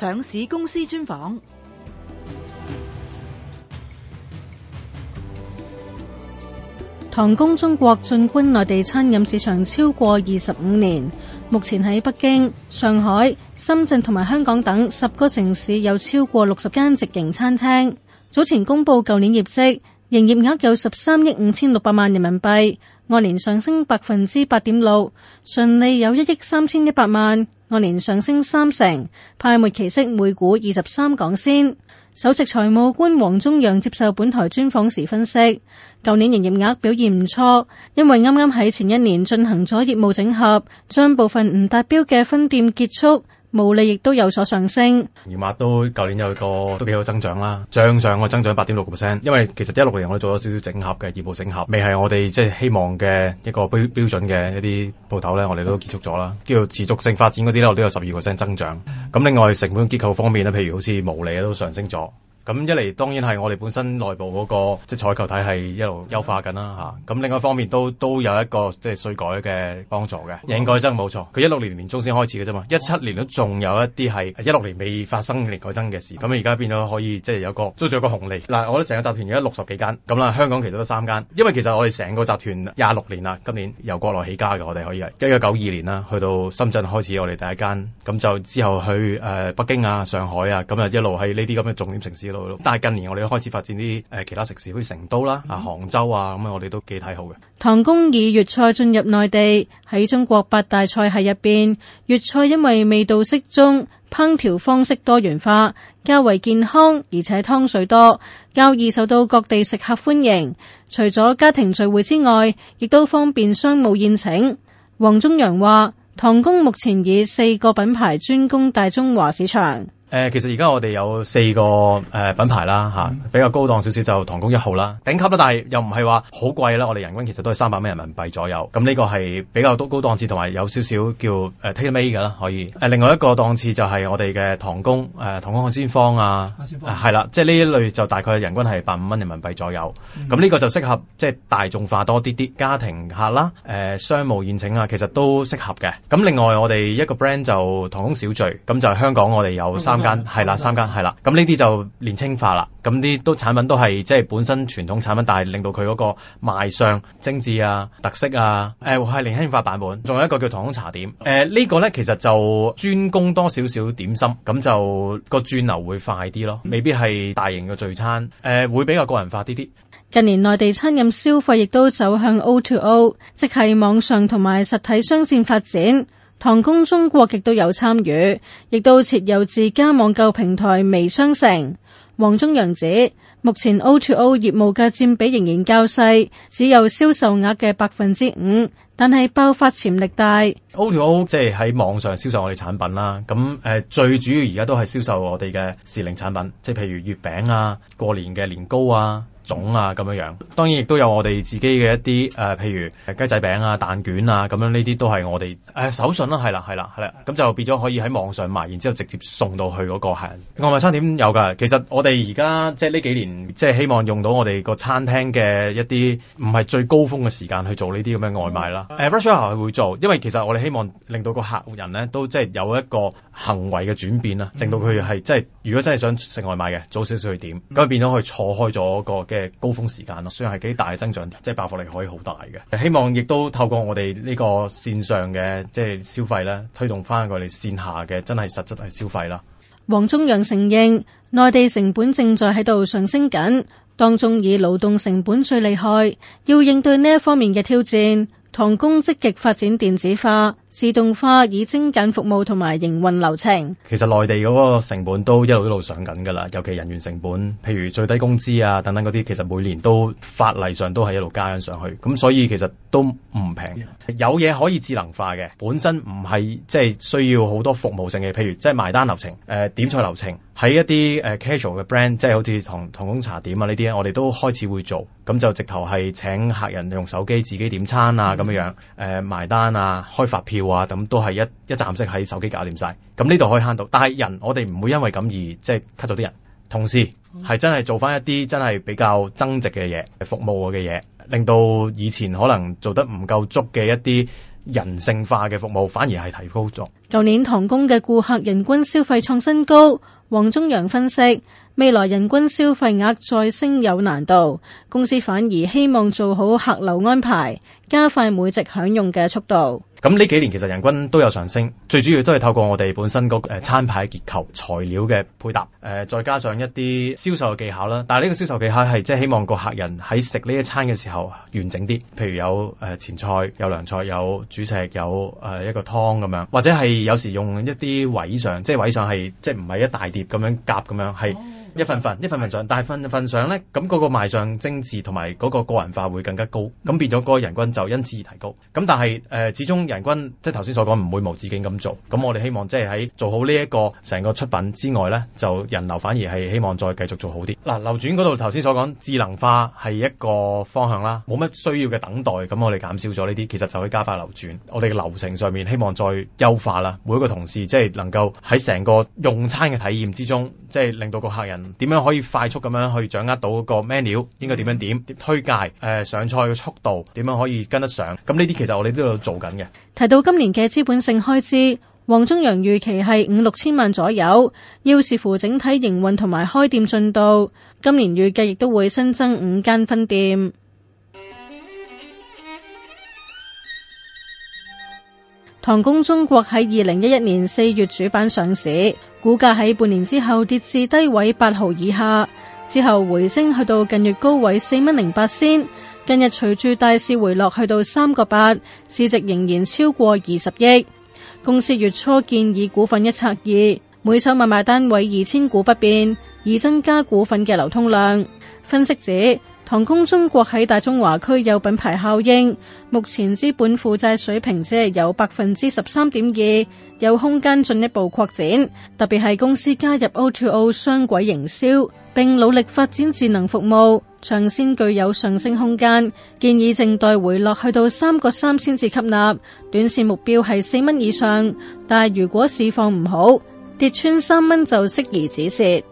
上市公司專訪。唐宮中國進軍內地餐飲市場超過二十五年，目前喺北京、上海、深圳同埋香港等十個城市有超過六十間直營餐廳。早前公布舊年業績。營業額有十三億五千六百萬人民幣，按年上升百分之八點六，純利有一億三千一百萬，按年上升三成，派末期息每股二十三港仙。首席財務官黃忠揚接受本台專訪時分析，舊年營業額表現唔錯，因為啱啱喺前一年進行咗業務整合，將部分唔達標嘅分店結束。毛利亦都有所上升，而話都舊年有個都幾好增長啦。賬上我增長八點六個 percent，因為其實一六年我哋做咗少少整合嘅業務整合，未係我哋即係希望嘅一個標標準嘅一啲鋪頭咧，我哋都結束咗啦。叫做持續性發展嗰啲咧，我哋都有十二個 percent 增長。咁另外成本結構方面咧，譬如好似毛利都上升咗。咁一嚟當然係我哋本身內部嗰、那個即係採購體係一路優化緊啦嚇。咁、啊、另外一方面都都有一個即係稅改嘅幫助嘅，營改增冇錯。佢一六年年中先開始嘅啫嘛，一七年都仲有一啲係一六年未發生營改增嘅事。咁而家變咗可以即係有個，都仲有個紅利嗱。我哋成個集團而家六十幾間咁啦，香港其實都三間，因為其實我哋成個集團廿六年啦，今年由國內起家嘅，我哋可以一九九二年啦，去到深圳開始我哋第一間，咁就之後去誒、呃、北京啊、上海啊，咁啊一路喺呢啲咁嘅重點城市咯。但係近年我哋開始發展啲誒其他城市，好似成都啦、啊杭州啊咁、嗯，我哋都幾睇好嘅。唐宮以粵菜進入內地，喺中國八大菜係入邊，粵菜因為味道適中、烹調方式多元化、較為健康，而且湯水多，較易受到各地食客歡迎。除咗家庭聚會之外，亦都方便商務宴請。黃忠揚話：唐宮目前以四個品牌專攻大中華市場。誒，其實而家我哋有四個誒品牌啦，嚇比較高檔少少就唐宮一號啦，頂級啦，但係又唔係話好貴啦，我哋人均其實都係三百蚊人民幣左右，咁、嗯、呢、這個係比較高檔次，同埋有少少叫誒 take away 嘅啦，可以。誒，另外一個檔次就係我哋嘅唐宮誒、呃、唐宮海鮮舫啊，係啦、啊，即係呢一類就大概人均係百五蚊人民幣左右，咁、嗯、呢、嗯、個就適合即係、就是、大眾化多啲啲家庭客啦，誒、呃，商務宴請啊，其實都適合嘅。咁、嗯、另外我哋一個 brand 就唐宮小聚，咁就香港我哋有三。間係啦，三間係啦，咁呢啲就年輕化啦，咁啲都產品都係即係本身傳統產品，但係令到佢嗰個賣相精緻啊、特色啊，誒、呃、係年輕化版本。仲有一個叫唐宮茶點，誒、呃、呢、這個呢其實就專供多少少點，點心，咁就、嗰個轉流會快啲咯，未必係大型嘅聚餐，誒、呃、會比較個人化啲啲。近年內地餐飲消費亦都走向 O to O，即係網上同埋實體雙線發展。唐宮中國亦都有參與，亦都設有自家網購平台微商城。黃忠揚指，目前 O to O 業務嘅佔比仍然較細，只有銷售額嘅百分之五，但係爆發潛力大。O to O 即係喺網上銷售我哋產品啦。咁誒，最主要而家都係銷售我哋嘅時令產品，即係譬如月餅啊、過年嘅年糕啊。 種啊咁樣樣，當然亦都有我哋自己嘅一啲誒、呃，譬如雞仔餅啊、蛋捲啊，咁樣呢啲都係我哋誒、呃、手信啦，係啦，係啦，係啦，咁就變咗可以喺網上賣，然之後直接送到去嗰個客人。外賣餐點有噶。其實我哋而家即係呢幾年，即係希望用到我哋個餐廳嘅一啲唔係最高峰嘅時間去做呢啲咁嘅外賣啦。誒 restaurant 會做，因為其實我哋希望令到個客戶人咧都即係有一個行為嘅轉變啦，令到佢係即係如果真係想食外賣嘅，早少少去點，咁變咗佢可以錯開咗、那個嘅高峰時間咯，雖然係幾大增長，即係爆發力可以好大嘅。希望亦都透過我哋呢個線上嘅即係消費咧，推動翻我哋線下嘅真係實質去消費啦。黃忠揚承認，內地成本正在喺度上升緊，當中以勞動成本最厲害，要應對呢一方面嘅挑戰。唐宮積極發展電子化、自動化，以精簡服務同埋營運流程。其實內地嗰個成本都一路一路上緊㗎啦，尤其人員成本，譬如最低工資啊等等嗰啲，其實每年都法例上都係一路加緊上去，咁所以其實都唔平。有嘢可以智能化嘅，本身唔係即係需要好多服務性嘅，譬如即係、就是、埋單流程、誒、呃、點菜流程。喺一啲誒 casual 嘅 brand，即係好似唐唐宮茶點啊呢啲咧，我哋都開始會做，咁就直頭係請客人用手機自己點餐啊咁，嗯，樣樣誒，呃，埋單啊、開發票啊，咁都係一一站式喺手機搞掂晒，咁呢度可以慳到，嗯，但係人我哋唔會因為咁而即係 cut 咗啲人，同時係，嗯，真係做翻一啲真係比較增值嘅嘢服務嘅嘢，令到以前可能做得唔夠足嘅一啲。人性化嘅服務反而係提高咗。舊年唐宮嘅顧客人均消費創新高，黃忠揚分析未來人均消費額再升有難度。公司反而希望做好客流安排，加快每席享用嘅速度。咁呢幾年其實人均都有上升，最主要都係透過我哋本身嗰、呃、餐牌結構、材料嘅配搭，誒、呃、再加上一啲銷售嘅技巧啦。但係呢個銷售技巧係即係希望個客人喺食呢一餐嘅時候完整啲，譬如有誒、呃、前菜、有涼菜、有主食、有誒、呃、一個湯咁樣，或者係有時用一啲位上，即係位上係即係唔係一大碟咁樣夾咁樣，係一份份、哦、一份份上。是的 但係份份上咧，咁、那、嗰個賣相精緻同埋嗰個個人化會更加高，咁變咗個人均就因此而提高。咁但係誒、呃，始終。人均即係頭先所講，唔會無止境咁做。咁我哋希望即係喺做好呢一個成個出品之外呢，就人流反而係希望再繼續做好啲。嗱，流轉嗰度頭先所講，智能化係一個方向啦，冇乜需要嘅等待，咁我哋減少咗呢啲，其實就可以加快流轉。我哋嘅流程上面希望再優化啦。每一個同事即係能夠喺成個用餐嘅體驗之中，即係令到個客人點樣可以快速咁樣去掌握到嗰個 menu 應該點樣點推介？誒、呃、上菜嘅速度點樣可以跟得上？咁呢啲其實我哋都有做緊嘅。提到今年嘅資本性開支，黃忠揚預期係五六千萬左右，要視乎整體營運同埋開店進度。今年預計亦都會新增五間分店。 唐宮中國喺二零一一年四月主板上市，股價喺半年之後跌至低位八毫以下，之後回升去到近月高位四蚊零八仙。近日隨住大市回落，去到三個八，市值仍然超過二十億。公司月初建議股份一拆二，每手買賣單位二千股不變，以增加股份嘅流通量。分析指，航空中國喺大中華區有品牌效應，目前資本負債水平只係有百分之十三點二，有空間進一步擴展，特別係公司加入澳土 o 雙軌營銷，並努力發展智能服務，長線具有上升空間。建議正待回落去到三個三千至吸納，短線目標係四蚊以上，但如果市況唔好，跌穿三蚊就適宜止蝕。